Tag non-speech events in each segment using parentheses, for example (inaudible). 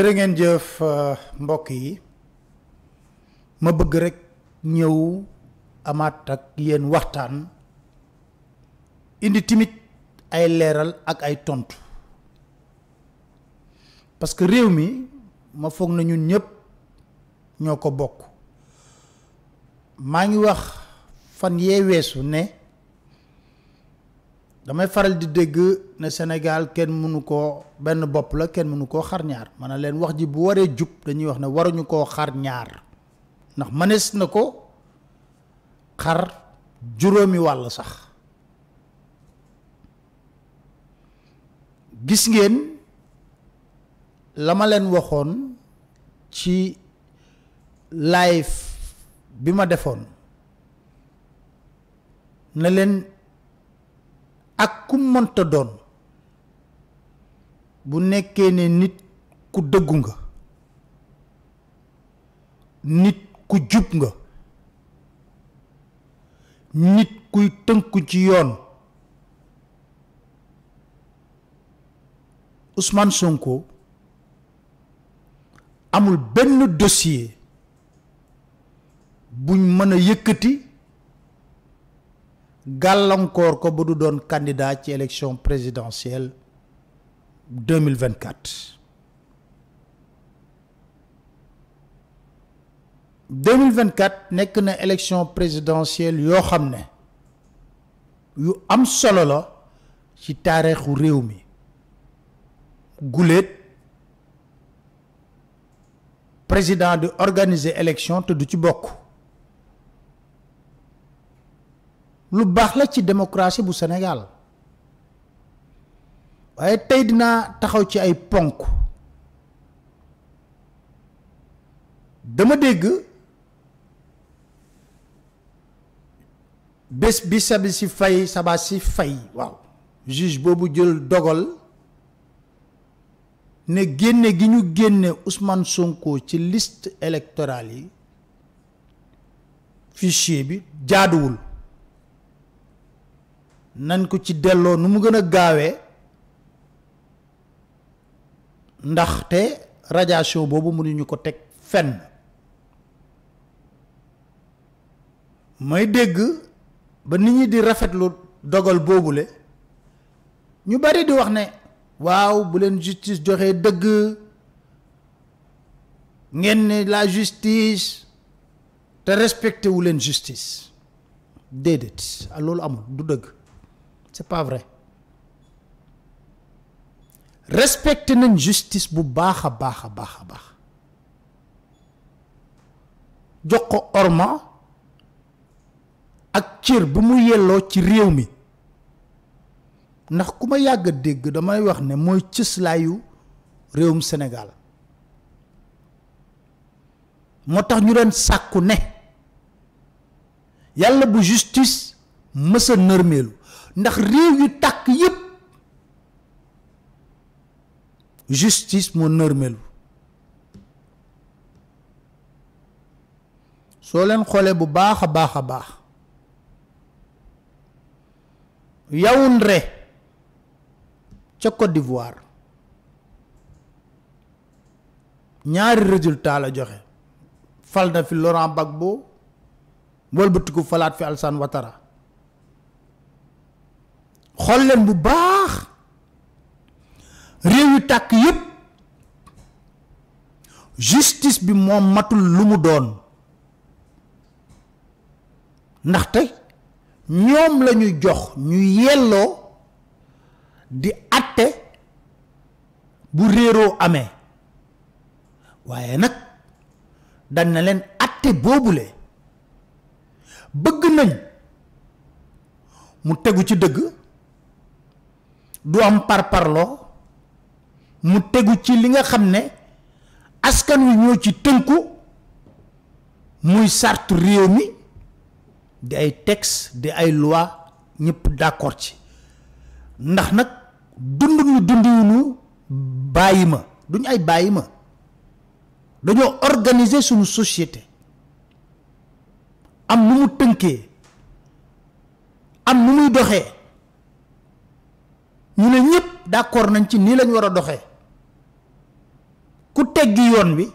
jërë ngeen jëf uh, mbokk yi ma bëgg rek ñëw amaat ak yéen waxtaan indi timit ay leeral ak ay tontu parce que réew mi ma foog na ñun ñëpp ñoo ko bokk maa ngi wax fan yee weesu ne damay faral di dégg ne sénégal kenn mënu koo benn bopp la kenn mënu xar ñaar mana leen wax ji bu waree jub dañuy wax ne waruñu koo xar ñaar ndax mënees na ko xar juróomi wàll sax gis ngeen lama leen waxoon ci live bi ma defoon na leen ak ku mënta doon bu nekkee ne nit ku dëggu nga nit ku jub nga nit kuy tënku ci yoon Ousmane Sonko amul benn dossier buñ mën a yëkkati gàllankoor ko vous don donnez candidat ci élection présidentielle 2024. 2024 n'est qu'une élection présidentielle yo xamné yu am solo la ci taarixu réew mi président président de organiser élection te du ci lu baax la ci démocratie bu senegaal waaye tey dinaa taxaw ci ay ponk dama dégg bés bi sabi si fay saba si fay waaw juge boobu jël dogal ne génne gi ñu génne Ousmane Sonko ci list électorale yi fichier bi jaaduwul nañ ko ci delloo nu mu gën a gaawee ndaxte radiation boobu ñu ko teg fenn may dégg ba nit ñi di rafetlu dogal boobule ñu bari di wax ne waaw bu leen justice joxee dëgg ngeen ne la justice te respecté wu leen justice déedéet loolu amul du dëgg c'est pas vrai Respecter nañ justice bu baha baha baha baha baax jox ko orma ak cër bu mu yelloo ci réew mi ndax ku ma yàgg dégg damay wax ne mooy layu réewum Sénégal moo ñu ne bu justice mës ndax réew yu tàkk yépp justice moo nërmelu soo leen xoolee bu baax a baax a baax Yaoundé ca Côte d'Ivoire ñaari résultat la joxe fal na fi Laurent Gbagbo wëlbatiku falaat fi Alassane watara xool leen bu baax réew yu tàkk yépp justice bi moom matul lu mu doon ndaxte ñoom lañuy jox ñu yelloo di àtte bu réeroo amee waaye nag dañ na leen àtte boobule bëgg nañ mu tegu ci dëgg du am parparloo mu tegu ci li nga xam ne askan wi ñoo ci tënku muy sartu réew mi di ay texte di ay loi ñëpp d'accord ci ndax nag dund ñu dundiwunu bàyyi ma duñ ay bàyyi ma dañoo organiser suñu société am nu mu tënkee am nu muy doxee ñu ne ñëpp d'accord nañ ci nii lañ war a doxee ku teggi yoon bi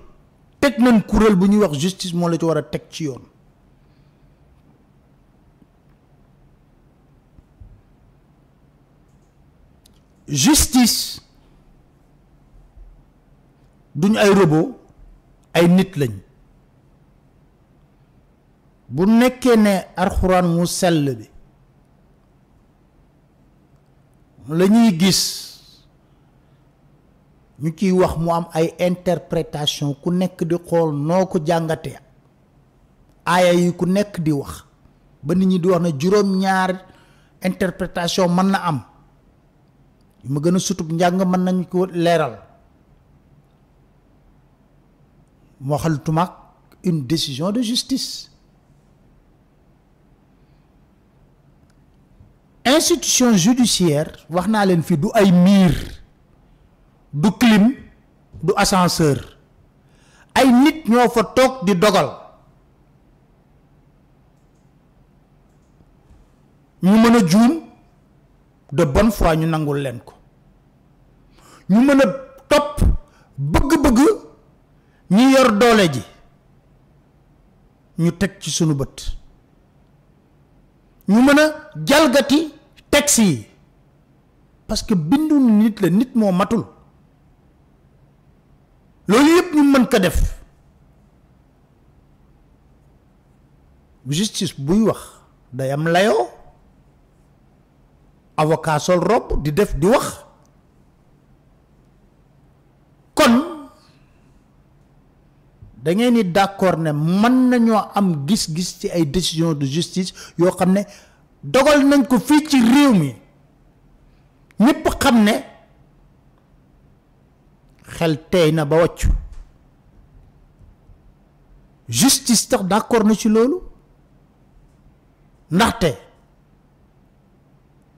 teg nañ kuréel bu wax justice moo la ci war a teg ci yoon justice duñ ay robot ay nit lañ bu nekkee ne alxuraan mu sell la ñuy gis ñu kiy wax mu am ay interprétation ku nekk di xool noo ko jàngatee aaya yi ku nekk di wax ba nit ñi di wax na juróom-ñaar interprétation mën na am yu ma gën a sutub njàng mën nañ ko leeral moo xaltumaak une décision de justice institution judiciaire wax naa leen fii du ay miir du clim du ascenseur ay nit ñoo fa toog di dogal ñu mën a juum de bonne foi ñu nangul leen ko ñu mën a topp bëgg-bëgg ñi yor doole ji ñu teg ci sunu bët ñu mën a jalgati taxi parce que bindu nit la nit mo matul lo yep ñu mën ko def justice buy wax day am layo avocat sol rob di def di wax kon da ngay ni d'accord ne man nañu am gis-gis ci ay décision de justice yo xam dogal nañ ko fii ci réew mi ñépp xam ne xel tey na ba wàccu justice tax d'accord na ci loolu ndaxte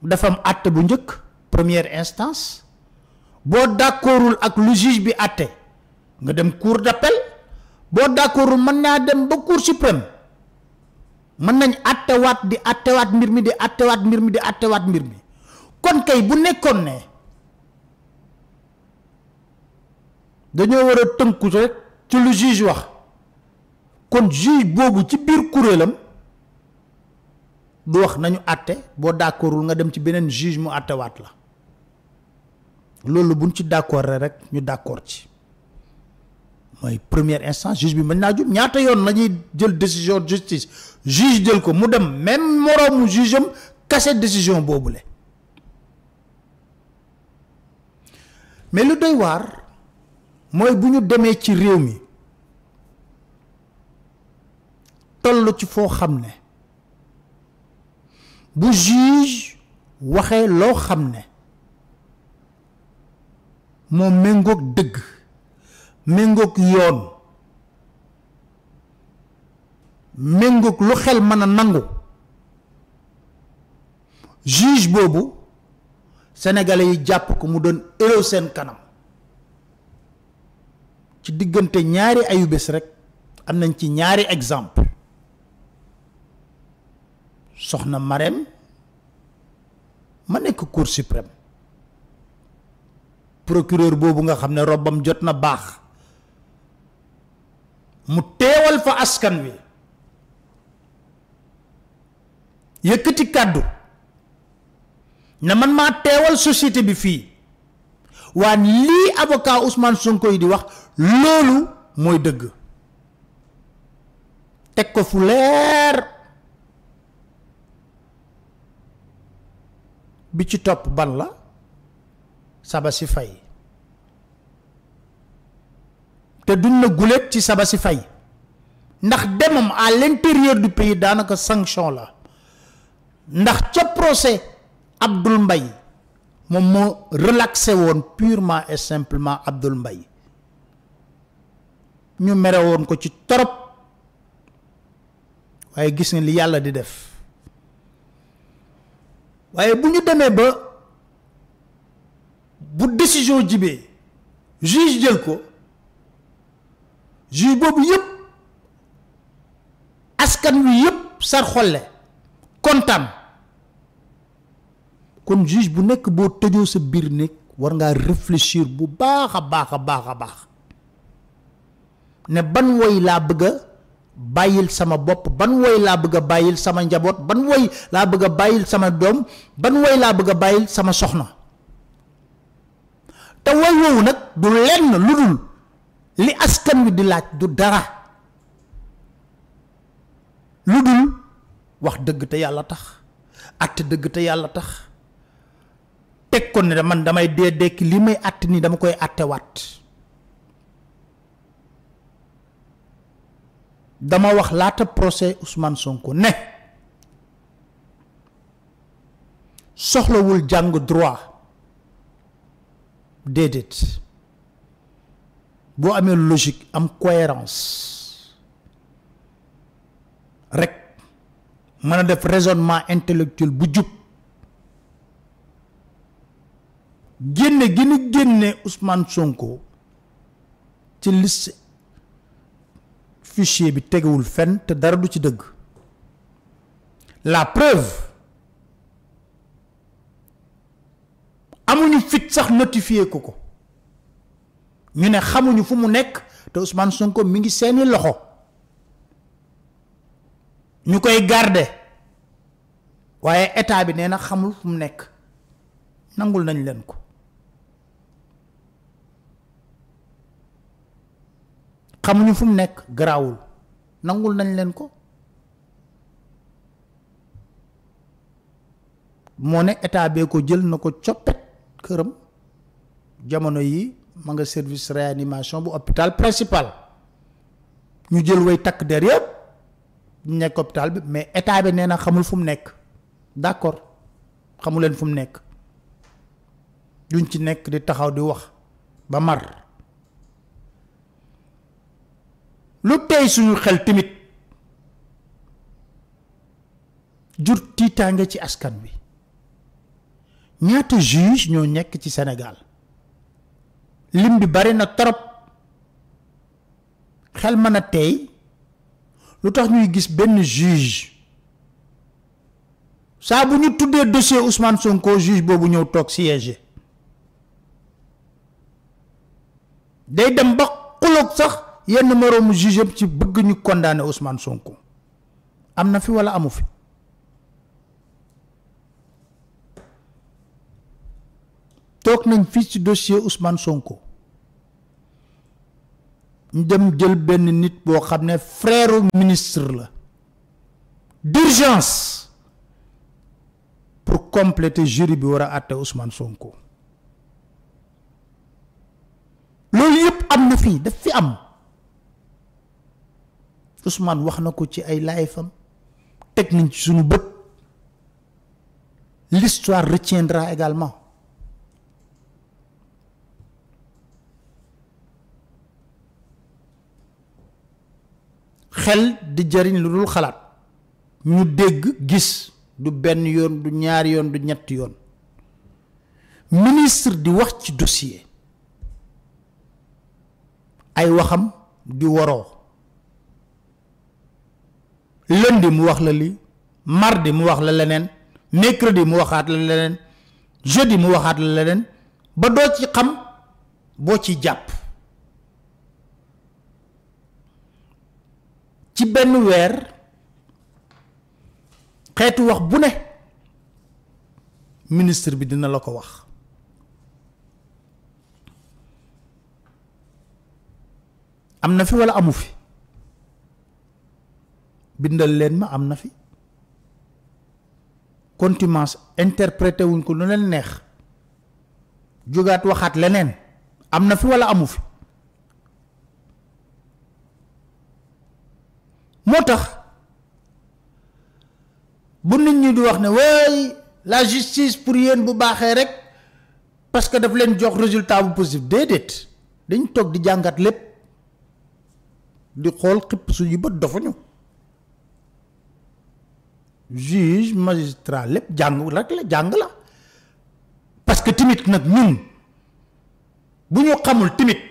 dafa am àtte bu njëkk première instance boo d'accordul ak lu juge bi àtte nga dem cour d'appel boo d'accordul mën naa dem ba cour suprême mën nañ attewaat di attewaat mbir mi di attewaat mbir mi di attewaat mbir mi kon kay bu nekkoon ne dañoo war a tënku rek ci lu juge wax kon juge boobu ci biir kuréelam du wax nañu àtte boo d'accordul nga dem ci beneen juge mu àttewaat la loolu buñ ci d'accord rek ñu d'accord ci mooy première instance juge bi mën naa jub ñaata yoon la jël décision justice juge jël ko mu dem même morom jugeum am décision décision boobule mais lu doy war moy buñu démé ci réew mi tollu ci fo xamné bu juge waxé lo xamné mo moo deug méngook yoon méngook lu xel mën a nangu juge boobu sénégalais yi jàpp ko mu doon élew seen kanam ci diggante ñaari ayubés rek am nañ ci ñaari exemple soxna Marème ma nekk cour suprême procureur boobu nga xam ne robbam jot na baax mu teewal fa askan wi yëkkati kàddu na man maa teewal société bi fii waan lii avocat Ousmane Sonko yi di wax loolu mooy dëgg teg ko fu leer bi ci topp ban la saba fay te duñ na guléet ci saba si fay ndax demam à l'intérieur du pays daanaka sanction la ndax ci procès Abdoul mbay mom mo relaxé won purement et simplement Abdoul mbay ñu méré won ko ci torop waye gis nga li yalla di def waye buñu démé ba bu décision jibee juge jël ko juge boobu yëpp askan wi yëpp sar xolle kontaan kon juge bu nekk boo tëjoo sa biir nekk war ngaa réfléchir bu baax a baax a baax a baax ne ban woy laa bëgg bàyyil sama bopp ban woy laa bëgg a bàyyil sama njaboot ban woy laa bëgg a bàyyil sama doom ban woy laa bëgg a bàyyil sama soxna te woy woowu nag du lenn lu dul li askan wi di laaj du dara lu dul wax dëgg te yàlla tax àtte dëgg te yàlla tax teg ko ne da man damay dee dekki li may àtte nii dama koy àttewaat dama wax laata procès Ousmane Sonko ne soxlawul jàng droit déedéet Bo amé logique am cohérence rek mëna def raisonnement intellectuel bu jub génné gi génné Ousmane Sonko ci liste fichier bi fenn te dara du ci la preuve amuñu fit sax notifié ko ñu ne xamuñu fu mu nekk te Ousmane ko mu ngi seeni loxo ñu koy garder waaye état bi nee na xamul fu mu nekk nangul nañ leen ko xamuñu fu mu nekk garaawul nangul nañ leen ko moo ne état bee ko jël na ko coppet këram jamono yii ma nga service réanimation bu hôpital principal ñu jël way takk der yëpp nekk hôpital bi mais état bi nee na xamul fu mu nekk d'accord xamu leen fu mu nekk duñ ci nekk di taxaw di wax ba mar lu tey suñu xel tamit jur tiitaange ci askan bi ñaata juge ñoo nekk ci Sénégal lim bi bari na trop xel mën a tey lu tax ñuy gis benn juge saa bu ñu tuddee dossier Ousmane Sonko juge boobu ñëw toog siège day dem ba xuloog sax yenn moroomu juge ci bëgg ñu condamné Ousmane Sonko am na fi walla amu fi toog nañ fii ci dossier Ousmane Sonko ñu dem jël benn nit boo xam ne frère ministre la d'urgence pour compléter jury bi war a àtte Ousmane Sonko loolu yëpp am na fii daf fi am Ousmane wax na ko ci ay laayfam teg nañ ci suñu bët l'histoire retiendra également xel di jariñ lu dul xalaat ñu dégg gis du benn yoon du ñaari yoon du ñetti yoon ministre di wax ci dossier ay waxam di waroo lundi mu wax la li mardi mu wax la leneen mercredi mu waxaat la leneen jeudi mu waxaat la leneen ba doo ci xam boo ci jàpp benn weer xeetu wax bu ne ministre bi dina la ko wax am na fi walla amu fi bindal leen ma am na fi contumace interprété wuñ ko lu leen neex jógaat waxaat leneen am na fi walla amu fi moo tax bu nit ñi di wax ne waay la justice pour yéen bu baaxee rek parce que daf leen jox résultat bu positif déedéet dañ toog di jàngat lépp di xool xipp suñu bët dofuñu juge magistrat lépp jàng rek la jàng la parce que timit nag ñun bu ñu xamul timit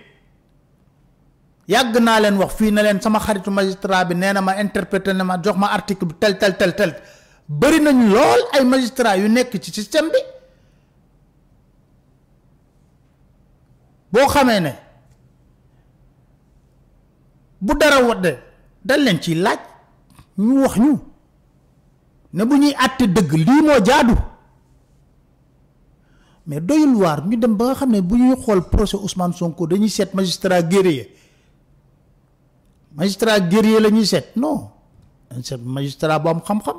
yàgg naa leen wax fii na leen sama xaritu magistrat bi nee na ma interprété na ma jox ma article bi tel tel tel tel bëri nañ lool ay magistrat yu nekk ci système bi boo xamee ne bu dara wadde dañ leen ciy laaj ñu wax ñu ne bu ñuy àtte dëgg lii moo jaadu mais doyul waar ñu dem ba nga xam ne bu ñuy xool procès Ousmane Sonko dañuy seet magistra magistrat guerrier magistrat guerrier la set, seet non c'est magistrat bo am xam-xam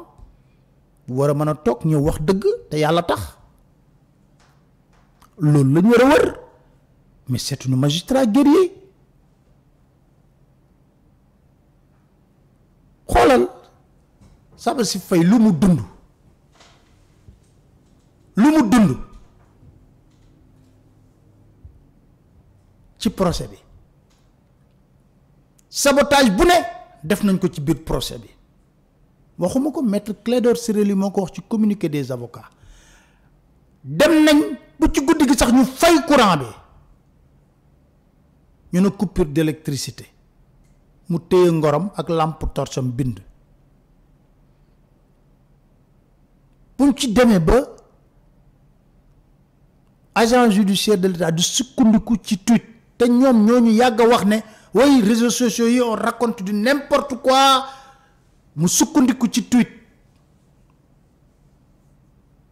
bu wara mëna tok ñu wax dëgg te yalla tax lool lañu wara war wër mais c'est une magistrat guerrier xoolal saba si fay lu mu dund lu mu dund ci procès bi sabotage bu ne def nañ ko ci biir procès bi waxuma ko maître Clédor Ciré Ly moo ko wax ci communiqué des avocats dem nañ bu ci guddi gi sax ñu fay courant bi ñu ne coupure d'électricité mu téye ngorom ak lampe torcham bind buñ ci demee ba agent judiciaire de l'État du sukkandiku ci tuit te ñoom ñoo ñu yàgg a wax ne oui réseaux sociaux on raconte du n'importe quoi mu suis ci tweet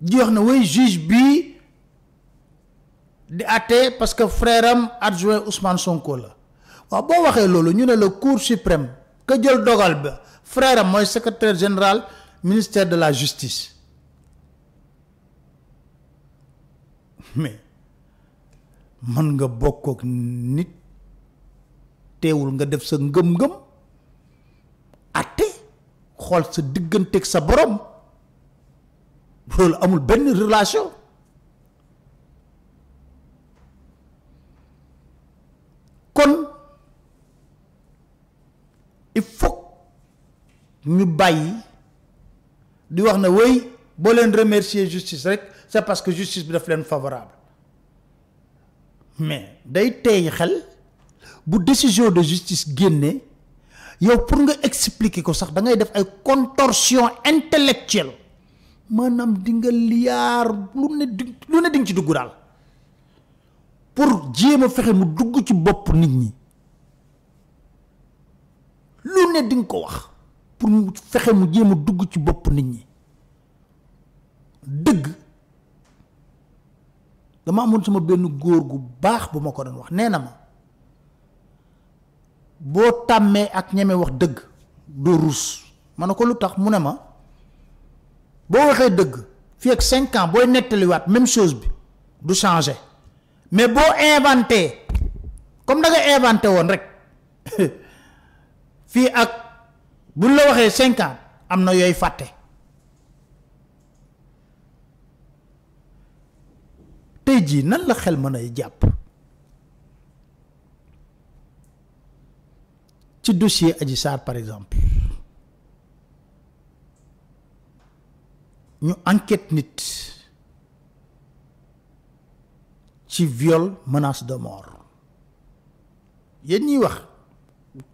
di suis oui juge bi de parce que frère a adjoint Ousmane Sonko la waaw boo waxee loolu ñu le cour suprême Que jël dogal ba frère am secrétaire général ministère de la justice mais je nga bokk nit téwul nga def sa ngëm-ngëm até xol sa digënté ak sa borom loolu amul benn relation kon il faut ñu bàyyi di wax ne wéy bo leen remercier justice rek c'est parce que justice bi daf leen favorable mais day teey xel bu décision de justice génné yow pour nga expliquer ko sax da ngay def ay contorsion intellectuelle manam di nga liar lu ne lu ne ding ci dugg dal pour jema fexé mu dugg ci bop nit ñi lu ne ding ko wax pour mu fexé mu jema dugg ci bop nit ñi deug dama amone sama ben goor gu bax bu mako don wax bo tamé ak ñeme wax dëgg do ruus ma ko lutax tax mu ma boo waxee dëgg fii ak cinq ans booy nettaliwaat même chose bi du changer mais bo inventé comme da nga inventé won rek (laughs) fi ak buñ la waxé 5 ans amna yoy faté fàtte nan la xel mën japp ci dossier Adji Sarr par exemple ñu enquête nit ci viol menace de mort yéen ñuy wax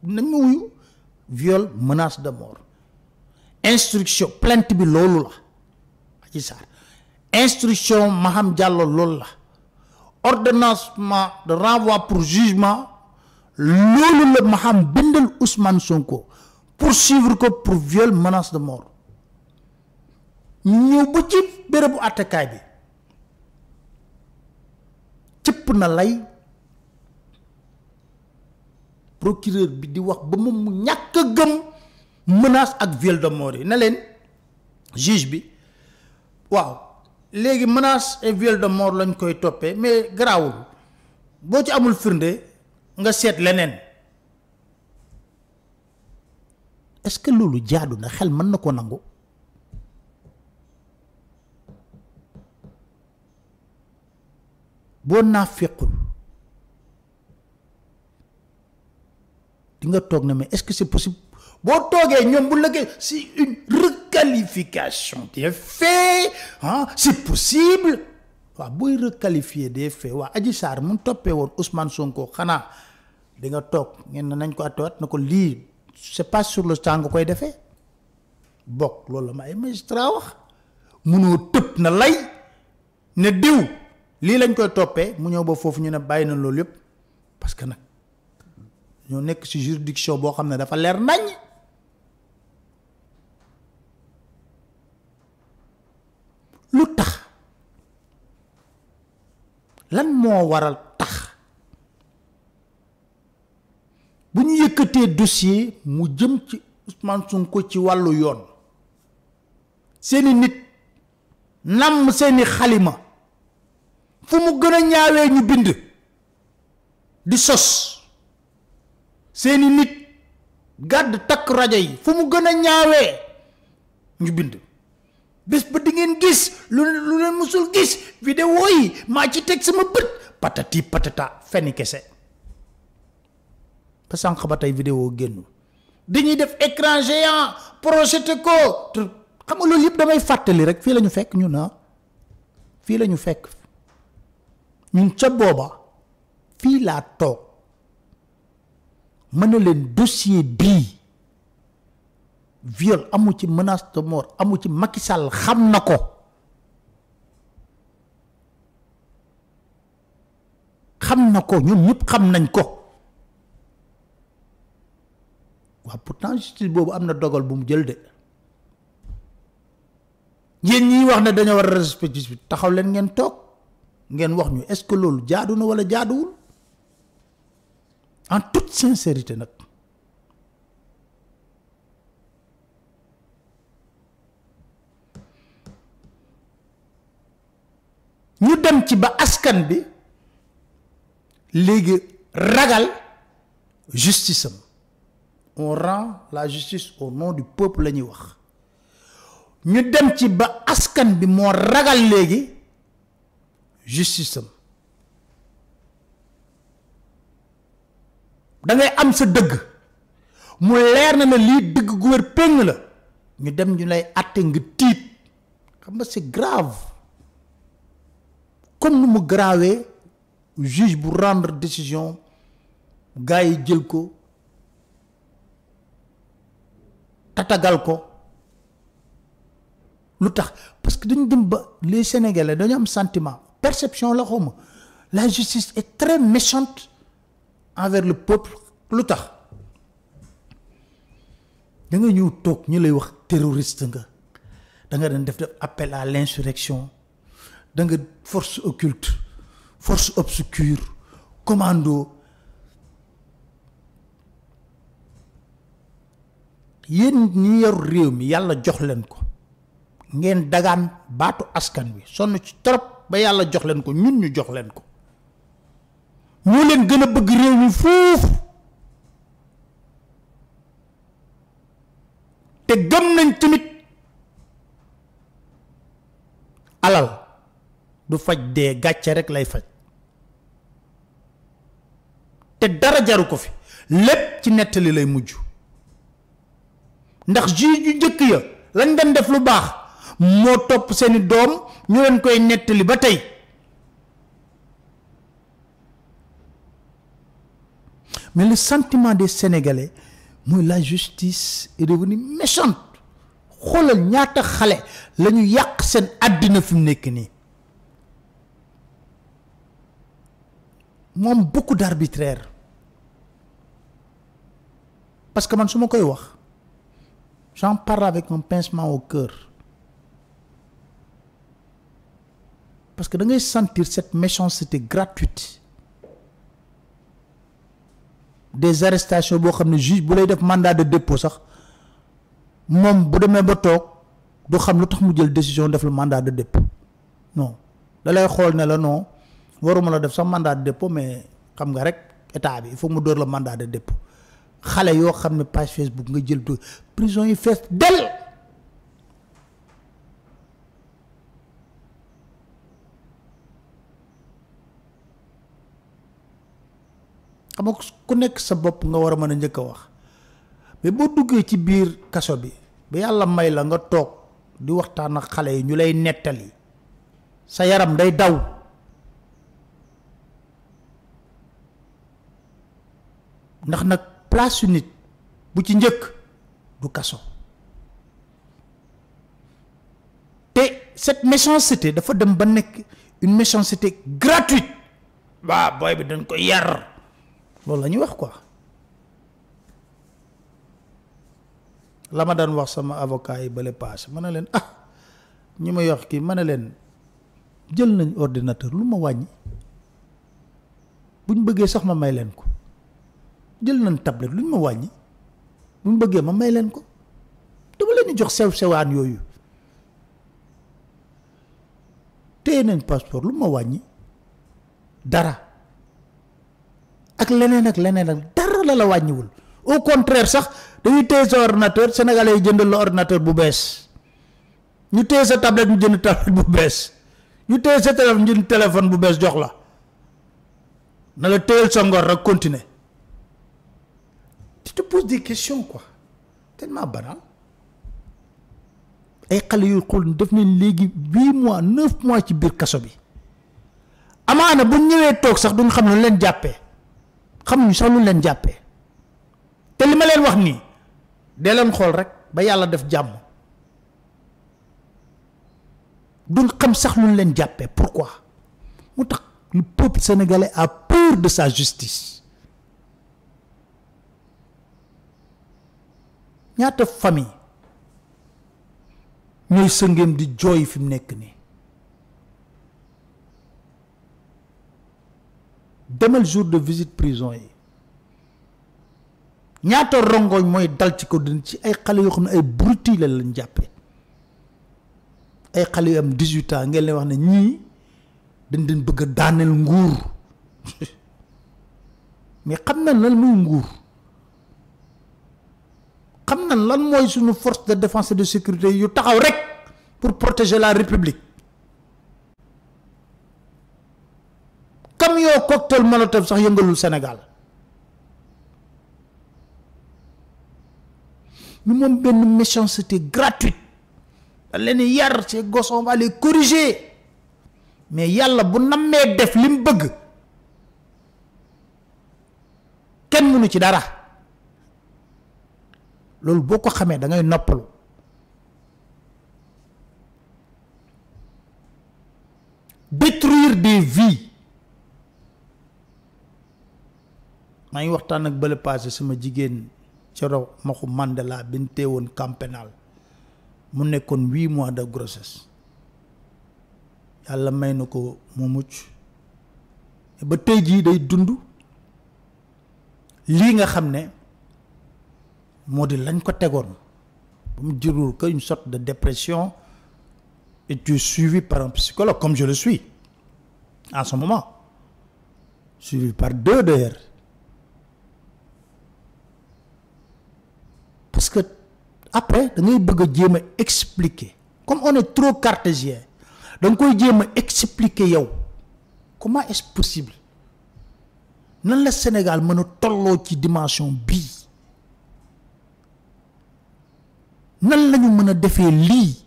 nañ viole menace de mort instruction plainte bi loolu la Adji Sarr instruction Maham Diallo loolu la ordonnancement de renvoi pour jugement loolu la ma xam bindal Ousmane Sonko poursuivre ko pour viol menace de mort ñu ñëw ba ci bérébu àttekaay bi cëpp na lay procureur bi di wax ba mu ñàkk a gëm menace ak viol de mort yi ne leen juge bi waaw léegi menace et viol de mort lañ koy toppee mais garaawul boo ci amul firnde. nga seet leneen est-ce que loolu jaadu na xel mën na ko nangu boo naafequl di nga toog na mais est-ce que c'est possible boo toogee ñoom bu lëggee c'est une requalification des faits c'est possible waaw booy requalifier de faits waa Adji Sarr mu toppee woon Ousmane Sonko xanaa di nga toog ngeen nañ ko atoat na ko lii c'est pas sur le temps nga koy defee bokk loolu la ma ay magistrat wax munoo tëb na lay ne diw lii lañ koy toppee mu ñëw ba foofu ñu ne bàyyi na loolu yëpp parce que nag ñoo nekk si juridiction boo xam ne dafa leer nañ lu tax lan moo waral yëkkatee dossier mu jëm ci Ousmane Sonko ci wàllu yoon seeni nit namm disos, xalima fu mu gën a ñaawee ñu bind di sos seeni nit gàdd takk rajo yi fu mu gën a ñu bind bis ba di ngeen gis lu lu musul gis vidéo yi maa ci teg sama bët patati patata fenn ba sànq ba tey vidéo génnul dañuy def écran géant projeté ko xam nga loolu yëpp damay fàttali rek fii lañu fekk ñun ah fii lañu fekk ñun ca booba fii laa toog mën na leen dossier bii viol amu ci menace de amu ci Macky Sall xam na ko xam na ko ñun ñëpp xam nañ ko waaw pourtant justice boobu am na dogal bu mu jël de yéen ñi wax ne dañoo war a respecté justice taxaw leen ngeen toog ngeen wax ñu est-ce que loolu jaadu na walla jaaduwul en toute sincérité nag ñu dem ci ba askan bi léegi ragal justice am on rend la justice au nom du peuple la wax ñu dem ci ba askan bi mo ragal léegi justice am da ngay am sa deug mu leer na li deug gu la ñu dem ñu lay ateng nga tiit xam nga c'est grave comme nu mu grawee juge bu rendre décision gaay jël ko Tata ko lutax parce que les sénégalais dañu am sentiment perception la la justice est très méchante envers le peuple lutax Nous, da nga ñu tok ñi lay wax appel à l'insurrection da nga force occulte force obscure commando yéen ñi yor réew mi yàlla jox leen ko ngeen dagaan baatu askan wi sonn ci trop ba yàlla jox leen ko ñun ñu jox leen ko ñoo leen gën a bëgg réew mi fuuf te gëm nañ tamit alal du faj dee gàcce rekk lay faj te dara jaru ko fi lépp ci nettali lay mujj ndax ji yu njëkk ya lañ doon def lu baax moo topp seeni doom ñu leen koy nettali ba tey mais le sentiment des Sénégalais mooy la justice est devenue méchante xoolal ñaata xale la ñu yàq seen àddina fi mu nekk nii moom beaucoup d'arbitraire parce que man su ma koy wax J'en parle avec un pincement au cœur. Parce que vous sentir cette méchanceté gratuite. Des arrestations, vous savez, le juge, vous avez mandat de dépôt, mom ne demee ba toog du xam lu tax décision jël décision le mandat de dépôt non Vous ne xool ne la non waruma la def mandat de dépôt mais comme nga rek état il faut que donner le mandat de dépôt xalé yo xamné page facebook nga jël do prison yi fess del amok ku nek sa bop nga wara mëna ñëk wax mais bo duggé ci biir kasso bi ba yalla may la nga tok di waxtaan ak xalé ñu lay netali sa yaram day daw ndax nak place nit bu ci njëkk du kaso te cette méchanceté dafa dem ba nekk une méchanceté gratuite waa booy bi dañ ko yar loolu la ñuy wax quoi la ma daan wax sama avocat yi bale paase ma ne leen ah ñu ma yox kii ma ne leen jël nañu ordinateur lu ma wàññi buñ bëggee sax ma may leen ko jël nañ table luñ ma wàññi bu bëggee ma may leen ko dama leen di jox sew sewaan yooyu téye nañ passeport lu ma wàññi dara ak leneen ak leneen ak dara la la wàññiwul au contraire sax dañuy téye sa ordinateur sénégalais yi jëndal la ordinateur bu bees ñu téye sa tablette ñu jënd tablette bu bees ñu téye sa téléphone jënd téléphone bu bees jox la na la téyel sa ngor rek continuer tu te poses des questions, quoi. Tellement banal. Et quand les gens sont devenus 8 mois, 9 mois qui birent Kassobi. Amana, si vous avez des gens qui ne savent pas ce qu'ils ont fait, ils ne savent pas ce qu'ils ont fait. Et ce que je vous dis, c'est que vous avez des gens sont ont fait des duñ xam sax luñ leen jàppee pourquoi moo tax le peuple sénégalais a peur de sa justice ñaata famille ñooy sëngeem di jooy fi mu nekk nii demal jour de visite prison yi ñaata rongoñ mooy dal ci ko dina ci ay xale yoo xam ne ay bruti la lañ jàppe ay xale yu am 18 ans ngeen wax ne ñii dañ leen bëgg a daaneel nguur (laughs) mais xam na lan muy nguur xam nan lan mooy suñu force de défense et de sécurité yu taxaw rek pour protéger la république camion cocktail molotov sax yëngalul Sénégal nous moom benn méchanceté gratuite da leen yar ces gosses on va les corriger mais yàlla bu nammee def lim bëgg kenn munu ci dara loolu boo ko xamee dangay ngay noppalu détruire des vies maa ngi waxtaan ak bële passé sama jigéen ci maxu Mandela bi ñu mu nekkoon huit mois de grossesse yàlla may na ko mu mucc ba tey jii day dund lii nga xam ne moo lañ ko tegoon bu mu que une sorte de dépression et tu es suivi par un psychologue comme je le suis en ce moment suivi par deux d'ailleurs parce que après da ngay bëgg a expliquer comme on est trop cartésien da nga koy jéem a expliquer yow comment est-ce possible Dans le Sénégal mën a tolloo ci dimension bii nan lañu mën a defee lii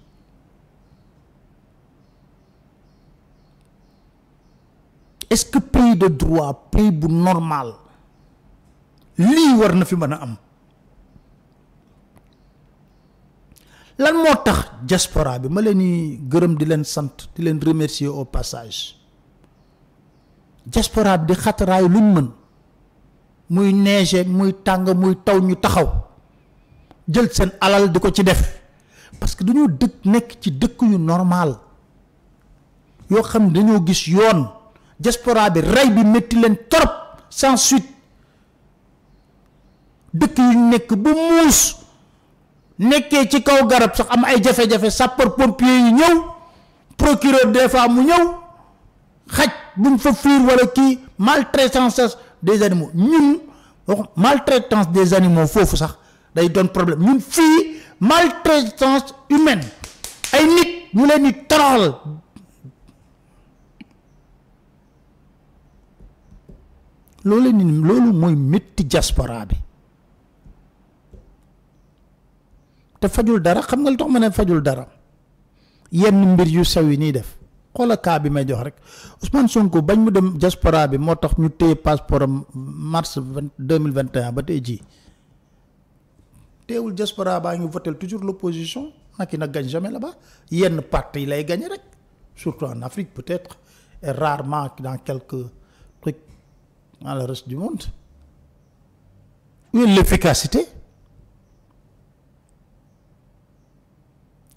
est-ce que pays de droit pays bu normal lii war na fi mën a am lan moo tax diaspora bi ma leen di gërëm di leen sant di leen remercier au passage diaspora bi di xataraayu luñ mën muy neige muy tàng muy taw ñu taxaw jël seen alal di ko ci def parce que dañoo dëkk nekk ci dëkk yu normal yoo xam ne dañoo gis yoon diaspora bi rey bi métti leen trop sans suite dëkk yu nekk ba muus nekkee ci kaw garab sax am ay jafe-jafe sapeur pompier yu ñëw procureur des fois mu ñëw xaj bu mu fa fiir wala kii maltraitance des animaux ñun wax maltraitance des animaux foofu sax day doon problème ñun fille maltraitance humaine ay nit ñu leen lolé ni loolu mooy métti diaspora bi te fajul dara xam nga ma dara yenn mbir yu sew yi def bi may jox rek Ousmane Sonko bañ mu dem bi passeport mars 2021 teewul diaspora ba ngi votel toujours l'opposition ah, qui na gagne jamais là-bas yenn parti lay gagner rek surtout en Afrique peut-être et rarement dans quelques trucs dans le reste du monde où l'efficacité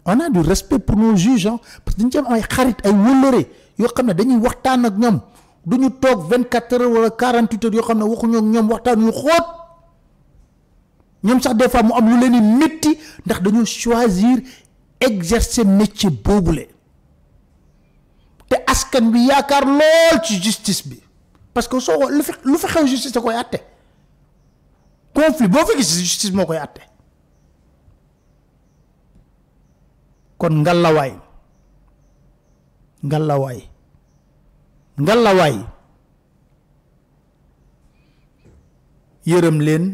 on a du respect pour nos juges hein. parce que ñu ay xarit ay wëllëre yo xamné dañuy waxtaan ak ñom duñu ñu toog heures wala 48 heures yo xamné waxu ñok ñom ñoom waxtaan yu ñoom sax des fois mu am lu leen di métti ndax dañoo choisir exercer métier boobule te askan bi yaakaar lool ci justice bi parce que soo lu fi lu fi xew justice da koy àtte conflit boo fi gis justice moo koy àtte kon ngalawaay ngalawaay ngalawaay yërëm leen.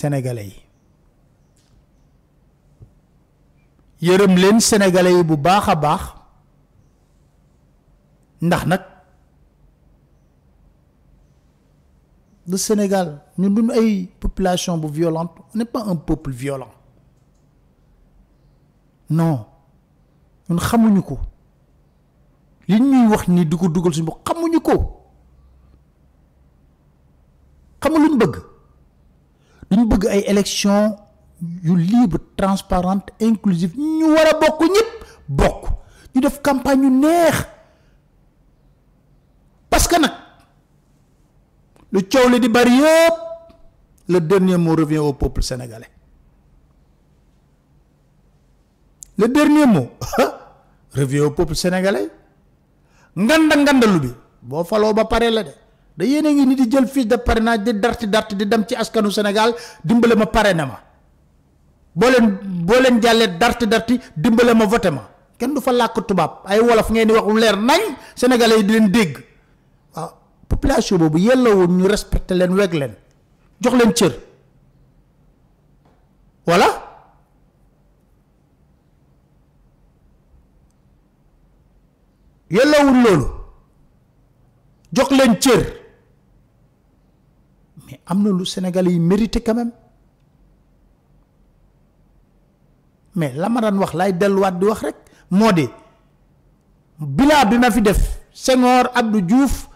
sénégalais yi yërëm leen sénégalais yi bu baax a baax ndax nag le Sénégal ñun duñ ay population bu violente on n'est pas un peuple violent non ñun xamuñu ko li ñuy wax ni di ko dugal suñu bopp xamuñu ko xamu bëgg dañu bëgg ay élection yu libre transparente inclusive ñu war beaucoup, bokk ñëpp bokk ñu def campagne neex parce que nag lu coow li di le dernier mot revient au peuple sénégalais le dernier mot (laughs) revient au peuple sénégalais nganda ngandalu bi boo faloo ba la de da yéen a ngi ni di jël fiche pare naa di darti darti di dem ci askanu senegal dimbale ma pare parrainé ma boo leen boo leen jàllee darti darti dimbale ma voté ma kenn du fa làkk tubaab ay wolof ngeen di wax leer nañ sénégalais yi di leen dégg waaw population boobu yellawul ñu respecté leen weg leen jox leen cër voilà yellawul loolu jox leen cër. mais amna lu sénégalais yi mérité quand même mais la ma daan wax lay wat di wax rek modé bila bi ma fi def senghor abdou diouf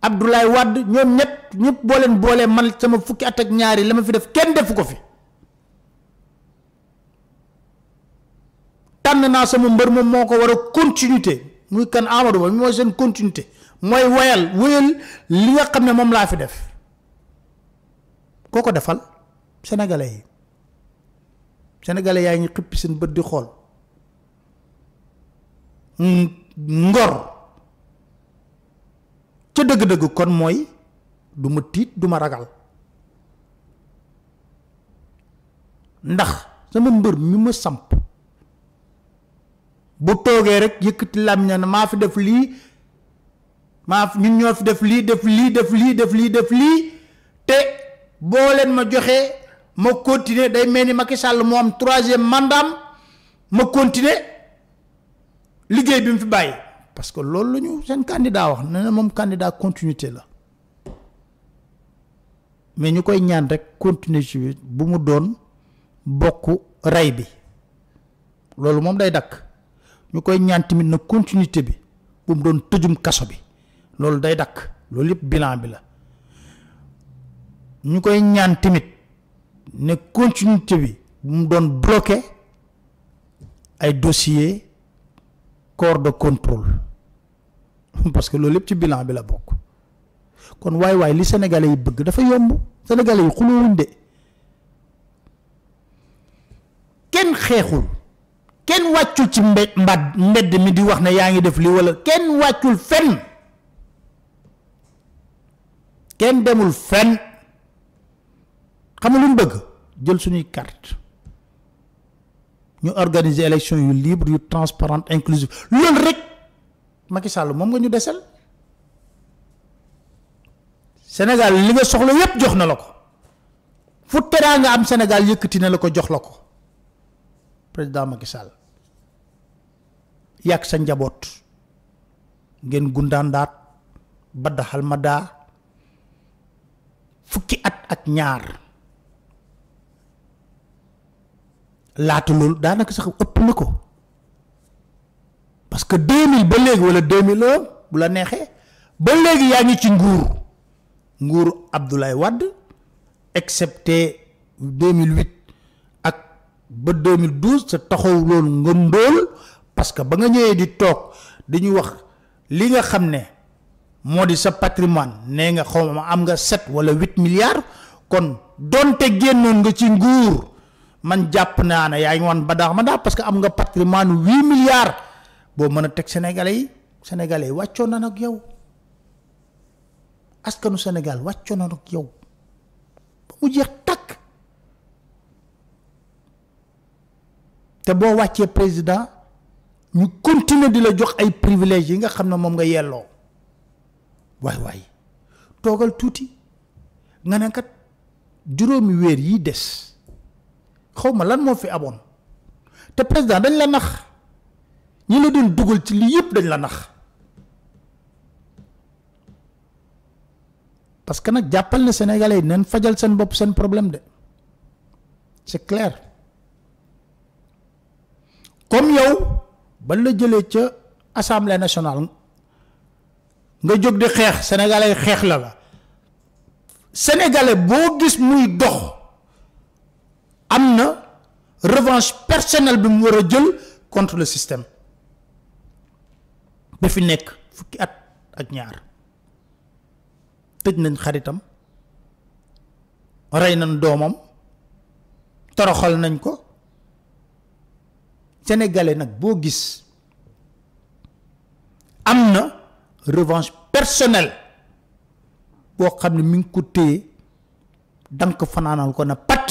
abdoulaye ñom ñet ñep bo len bo le man sama fukki at ak ñaari lama fi def kenn defu fi tan na sama mbeur mom moko wara continuité muy kan amadou mo seen continuité moy wayal wayal li nga xamne mom la fi def koo ko defal sénégalais yi sénégalais yaa ngi xippi seen bët di xool ngor ca dëgg-dëgg kon mooy du ma tiit du ma ragal ndax sama mbër ñu ma samp bu toogee rek yëkkati làmmiñ na maa fi def lii maa ñun ñoo fi def lii def lii def lii def lii def lii te boo leen ma joxee ma continuer day mel Macky Sall moo am troisième mandat ma continuer liggéey bi mu fi baye parce que loolu ñu seen candidat wax nee na candidat continuité la mais ñukoy ñaan rek continuer ci bu mu doon bokku ray bi loolu mom day dak ñukoy ñaan timit na continuité bi bu mu doon tëjum kasso bi loolu day dak loolu yëpp bilan bi la ñu koy ñaan timit ne continuité bi mu doon bloqué ay dossier corps de contrôle (laughs) parce que loolu lépp ci bilan bi la bokk kon waay waay li sénégalais yi bëgg dafa yomb sénégalais yi xulóowuñ de kenn xeexul kenn wàccul ci mbad mbedd mi di wax ne yaa ngi def li wala kenn wàccul fenn kenn demul fenn xam lu ñu bëgg jël suñuy carte ñu organiser élection yu libre yu transparente inclusive loolu rek Macky Sall moom nga ñu desel Sénégal li nga soxla yépp jox na la ko fu teraa nga am Sénégal yëkkati na la ko jox la ko président Macky Sall yàgg sa njaboot ngeen gundaandaat baddaxal ma daa fukki at ak ñaar laatu loolu daanaka sax ëpp na ko parce que 2000 ba léegi wala 2001 bu la neexee ba léegi yaa ngi ci nguur nguur Abdoulaye Wade excepté 2008 ak ba 2012 sa taxaw loolu nga ndóol parce que ba nga ñëwee di toog dañuy wax li nga xam ne moo di sa patrimoine nee nga xaw ma am nga 7 wala 8 milliards kon donte génnoon nga ci nguur. man japp naa ne yaa wan ba daax ma daa parce que am nga patrimoine huit milliards boo mën a teg sénégalais yi sénégalais yi wàccoo na nag yow askanu sénégal wàccoo na nag yow ba mu jeex takk te boo wàccee président ñu continuer di la jox ay privilèges yi nga xam ne moom nga yelloo waay waay toogal tuuti nga ne kat juróomi yi des xaw ma lan moo fi amoon te président dañ la nax ñi la doon dugal ci lii yëpp dañ la nax parce que nag jàppal na sénégalais yi neen fajal seen bopp seen problème de c'est clair comme yow ba la jëlee ca assemblée nationale nga jóg di xeex sénégalais yi xeex la la sénégalais boo gis muy dox. amna revanche personnelle bi mu wara jël contre le système ba fi nekk fukki at ak ñaar tej nañ xaritam rey nañ doomam toroxal nañ ko sénégalais nag boo gis am revanche personnelle boo xam ne mi ngi ko téye dank fanaanal ko na pat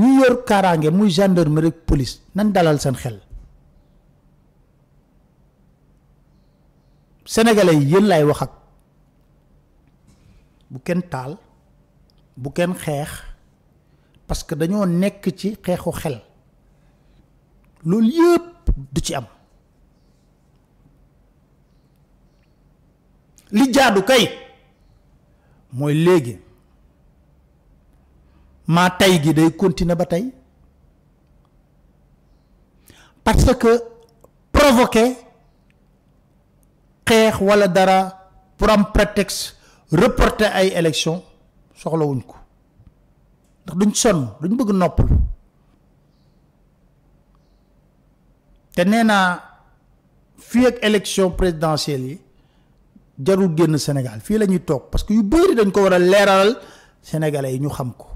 ñu yor kaaraange muy gendarmerie ak police nañ dalal seen xel sénégalais yi yéen lay wax ak bu kenn taal bu kenn xeex parce que dañoo nekk ci xeexu xel loolu yépp du ci am li jaadu kay mooy léegi. ma tay gi day continuer ba tay parce que provoquer xeex wala dara pour un prétexte reporter ay élection soxlawuñ ko ndax duñ son duñ bëgg noppal te nee naa fii ak élection présidentielle yi jarul génn Sénégal fii la ñuy toog parce que yu bëri dañ ko war a leeral sénégalais yi ñu xam ko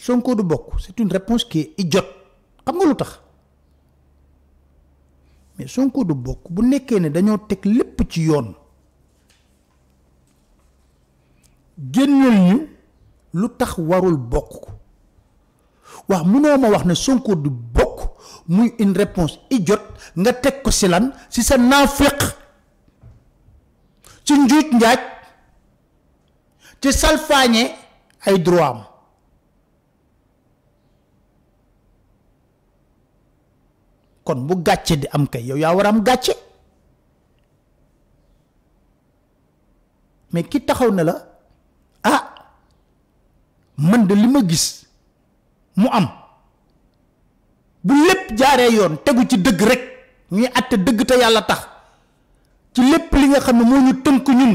Sonko du Bok, c'est une réponse qui est idiote xam nga lutax tax mais Sonko du Bok bu nekkee ne dañoo teg lépp ci yoon génnal ñu lu tax warul bokk wax mënoo ma wax ne Sonko du Bok muy une réponse idiote nga teg ko si lan si sa naaféq ci njuuj njaaj ci salfaañe ay droit am bu gàccee di am kay yow yaa war am gàcce mais ki taxaw na la ah man de li ma gis mu am bu lépp jaaree yoon tegu ci dëgg rek ñuy àtte dëgg te yàlla tax ci lépp li nga xam ne moo ñu tënk ñun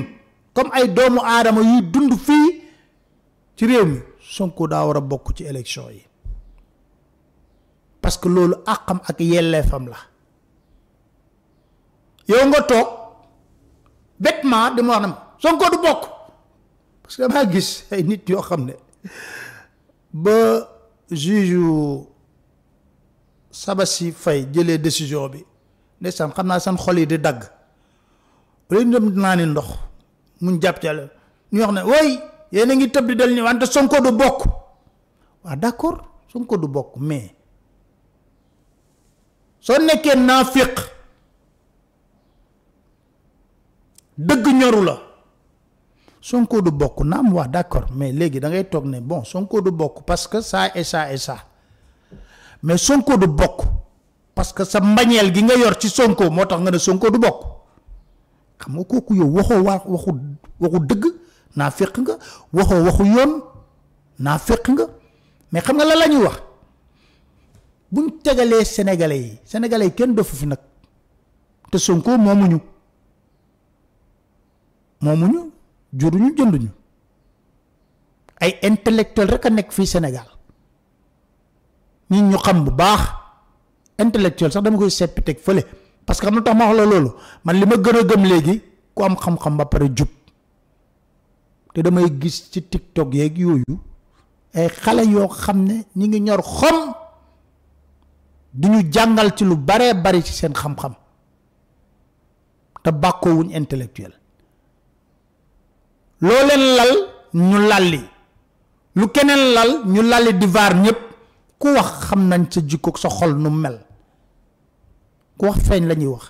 comme ay doomu aadama yuy dund fii ci réew mi Sonko daa war a bokk ci élection yi parce que lolu akam ak yelleefam la yow nga tok bêtement de wax na ma du bok parce que ma gis ay nit yo xamne ba juju sabasi fay jele décision bi ne sam xamna san xol yi di dagg léegi dem nani ni ndox mu jàpp ñu xamne way yeena ngi tëb di dal ni wante ko du bok wa d'accord son ko du bok mais soo nekkee naafiq dëgg ñoru la Sonko du bokk am wax d'accord mais léegi da ngay toog ne bon Sonko du bokk parce que ça et ça et mais Sonko du bokk parce que sa mbañeel gi nga yor ci Sonko moo tax nga ne Sonko du bokk xam nga kooku yow waxoo waxu waxu dëgg naa féq nga waxoo waxu yoon naa féq nga mais xam nga la la ñuy wax buñ tegalee sénégalais yi sénégalais yi kenn dofu fi nag te Sonko moomuñu moomuñu juruñu jënduñu ay intellectuel rek a nekk fii Sénégal ñi ñu xam bu baax intellectuel sax dama koy seppi teg fële parce que xam na tax ma wax la loolu man li ma gën a gëm léegi ku am xam-xam ba pare jub te damay gis ci TikTok yeeg yooyu ay xale yoo xam ne ñu ngi ñor xom du ñu jàngal ci lu baree bari ci seen xam-xam te bàkkoowuñ intellectuel loo leen lal ñu lalli lu keneen lal ñu lalli di vaar ñépp ku wax xam nañ sa jikko sa xol nu mel ku wax feeñ la ñuy wax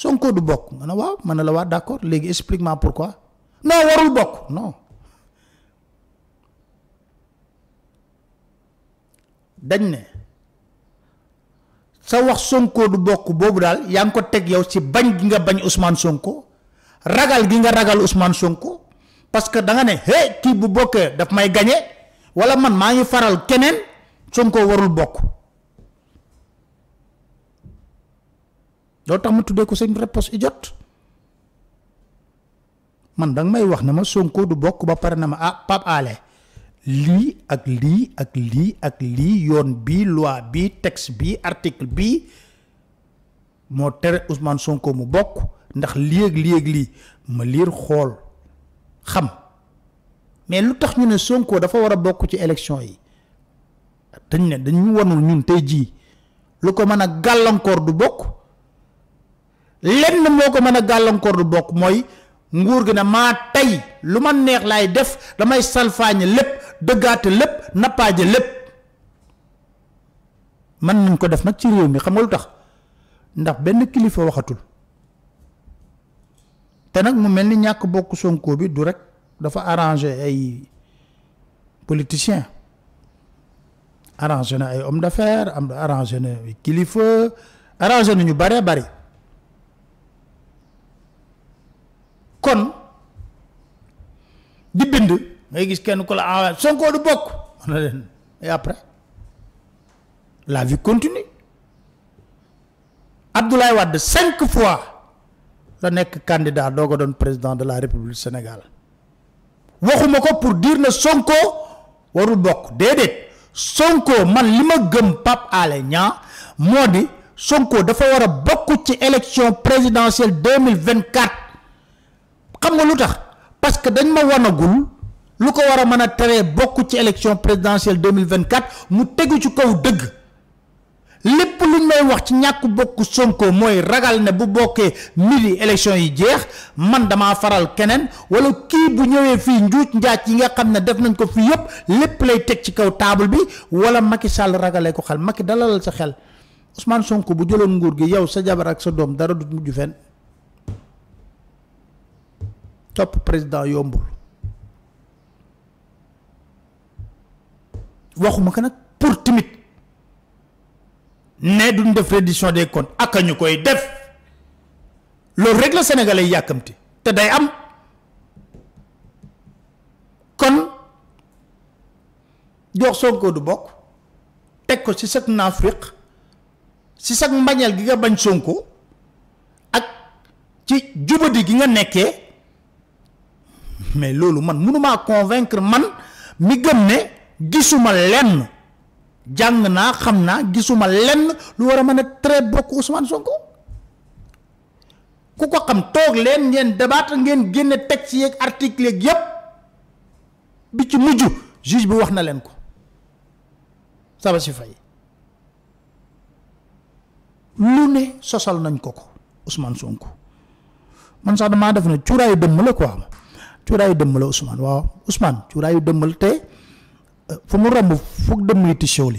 Sonko du bokk ma na waaw mën na la waa d'accord léegi explique-moi pourquoi non warul bokk non dañ ne sa wax sonko du bok bobu dal yang ko tek yow ci bagn gi nga bagn ousmane sonko ragal gi nga ragal ousmane sonko parce que da nga ne he ki bu bokkee daf may wala man ma ngi faral kenen sonko warul bok do tax ma tuddé ko seigne réponse idiot man dang may wax na ma sonko du bok ba paré na ma ah pap ale lii ak lii ak lii ak lii yoon bi loi bi texte bi article bi moo tere usman Sonko mu bokk ndax lii ak lii ma liir xool xam mais lu tax ñu ne Sonko dafa war a bokk ci élection yi dañ ne dañu wanul ñun tey jii lu ko mën a gàllankoor du bokk lenn moo ko mën a gàllankoor du bokk mooy nguur gi ne maa tey lu ma neex laay def damay salfaañe lépp dëggaate lépp nappaaje lépp man nañ ko def nag ci réew mi xam nga lu tax ndax benn kilifa waxatul te nag mu mel ni ñàkk bokk sonko bi du rek dafa arrangé ay politiciens arrangé na ay homme d'affaires am arrangé na ay kilifa arrangé na ñu bare bari kon di bind ngay gis kenn ko la ah Sonko du bokk mën na leen et après la vie continue Abdoulaye Wade cinq fois la nekk candidat doo ko doon président de la République Sénégal waxuma ko pour dire ne Sonko warul bokk déedéet Sonko man li ma gëm Pape Alé Niang moo di Sonko dafa war a bokk ci élection présidentielle 2024, xam nga lu tax parce que dañ ma wanagul. lu ko wara a téré a ci élection présidentielle 2024 mu téggu ci kaw deug lepp lu may wax ci sonko moy ragal ne bu mili midi élection yi jeex man dama faral kenen wala ki bu ñëwé fi njuuj njaaj yi nga xamné def nañ ko fi yépp lepp lay ci kaw table bi wala Macky Sall ragalé ko xal Macky dalal sa xel Ousmane Sonko bu jëloon nguur gi yow sa jabar ak sa dom dara du fenn top président yombul waxuma ko nag pour timit ne duñ def reddition des comptes ak ñu koy def loolu rek la sénégalais yàkkamti te day am kon jox Sonko du bokk teg ko ci sag naafiq ci sag mbañeel gi nga bañ Sonko ak ci jubadi gi nga nekkee mais loolu man mënumaa convaincre man mi gëm ne gisuma lenn jàng naa xam gisuma lenn lu war a mën a très bokk Ousmane Sonko ku ko xam toog leen ngeen débattre ngeen génne texte yeeg article yeeg yépp bi ci mujj juge bi wax na leen ko saba si fay lu ne sosal nañ ko ko Ousmane Sonko man sax dama def na cuuraayu dëmm la quoi cuuraayu dëmm la Ousmane waaw Ousmane cuuraayu dëmm la te fu mu romb foog dëmm ti show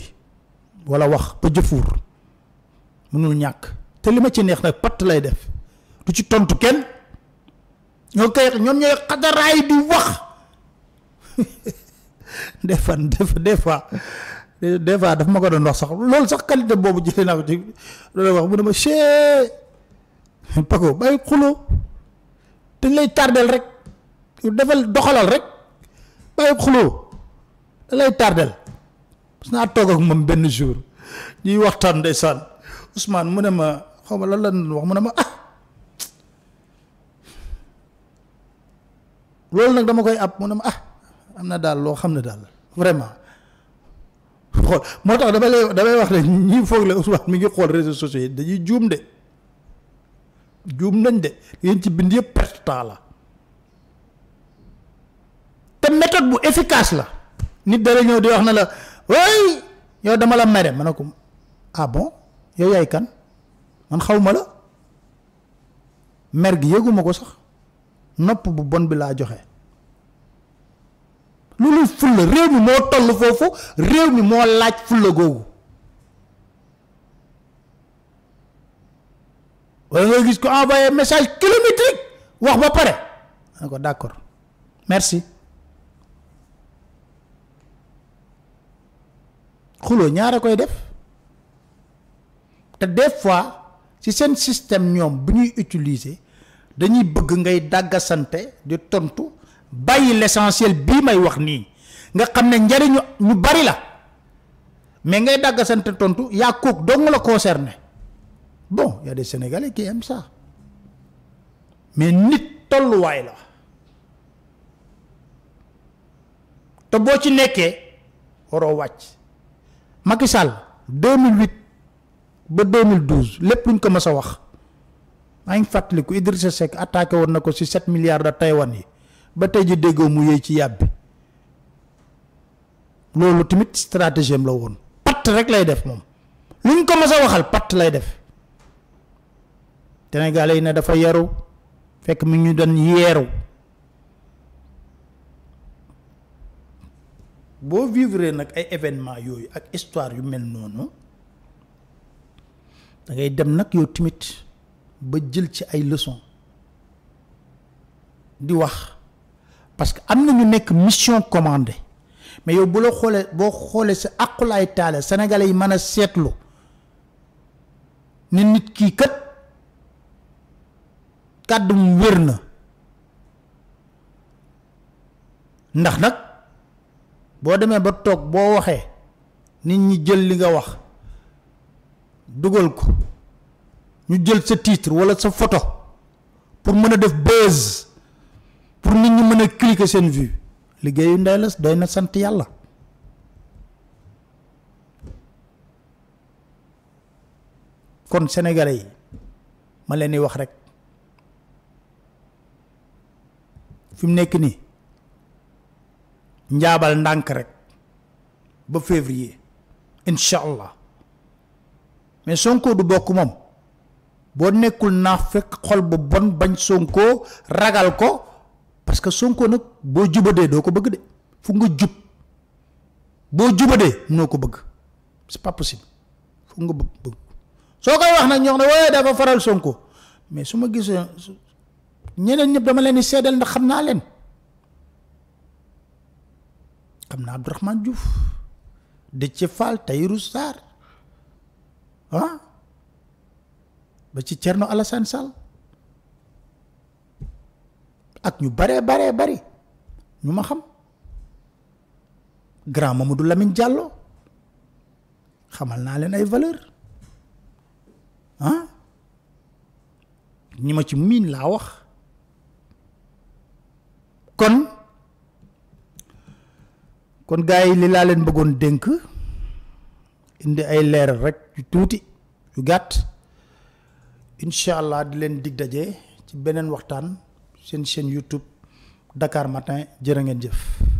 walla wax ba jëfuur mënul ñàkk te li ma ci neex nag patt lay def du ci tontu kenn ñoo koy ñoom ñooy xadaraay di wax (laughs) des fois des fois des fois daf ma ko doon wax sax loolu sax qualité boobu jëlee naa ko ci loolu wax mu ne ma chee Paco bàyyi xuloo dañ lay tardel rek defal doxalal rek bàyyi xuloo lay tardel parce naa toog ak moom benn jour ñi waxtan ndeysaan Ousmane mu ne ma xaw ma lan lan wax mu ma ah lol nak dama koy app mu ma ah amna dal lo loo dal vraiment xol motax dama lay dama wax rek ñi fogg le Ousmane mi ngi xol réseaux sociaux dañuy joom de joom nañ de yeen ci bind yepp perte temps la te méthode bu efficace la nit dara ñëw di wax na la way yow dama la mere ma ne ko ah bon yow yaay kan man xaw ma la mer gi yëguma ko sax nopp bu bon bi laa joxe loolu fulla réew mi moo toll foofu réew mi moo laaj fulla googu wala nga gis ko envoyé message kilométrique wax ba pare ma ne ko d'accord merci xuloo ñaara koy def te des fois ci seen système ñoom bu ñuy utiliser dañuy bëgg ngay dàggasante di tontu bàyyi l'essentiel bii may wax nii nga xam ne njariñu ñu bari la mais ngay tontu yaa kook dong la concerné bon y a des Sénégalais qui aiment ça mais nit tolluwaay la te boo ci nekkee waroo wàcc Macky Sall 2008 ba 2012 lépp lu luñ ko mës a wax maa ngi fàttaliku Idrissa Seck attaqué woon na ko si 7 milliards de Taïwan yi ba tey ji déggoo mu yëy ci yàbbi loolu tamit stratégie la woon patt rek lay def moom luñ ko mës a waxal patt lay def Sénégalais yi ne dafa yaru fekk mi ñu doon yeeru bo vivre nak ay événement yooyu ak histoire yu mel noonu da ngay dem nak yow timit ba jël ci ay leçons di wax parce que amna ñu nek mission commandée mais yow bu la xolé bo xolé sa aqulaay taala sénégalais yi mën sétlu ni nit ki kat kàddum wërna ndax nak boo demee ba toog boo waxee nit ñi jël li nga wax dugal ko ñu jël sa titre walla sa photo pour mën a def buzz pour nit ñi mën a cliquer seen vue liggéeyu ndey la doy na sant yàlla kon sénégalais yi ma leen di wax rekk fi mu nekk nii njaabal ndànk rek ba février incha allah mais sonko du bokk moom bo nekkul naa fekk xol bu bon bañ sonko ragal ko parce que sonko nag boo jubadee doo ko bëgg de fu nga jub boo jubadee noo ko bëgg c'est pas possible fu nga bëgg soo koy wax nag ñoo ne waaye dafa faral sonko mais su ma gisee ñeneen ñëpp dama leen di seedal ndax xam naa xam naa Abdourahmane Diouf Déthié Fall Tahirou Sarr ah ba ci Thierno Alassane Sall ak ñu baree baree bari ñu ma xam grand Mamadou Lamine Diallo xamal naa leen ay valeur ah ñi ma ci miin laa wax kon kon gars yi li laa leen bëggoon dénk indi ay leeral rek yu tuuti yu gàtt incha allah di leen dig daje ci beneen waxtaan seen chaîne YouTube Dakar Matin jërë ngeen jëf.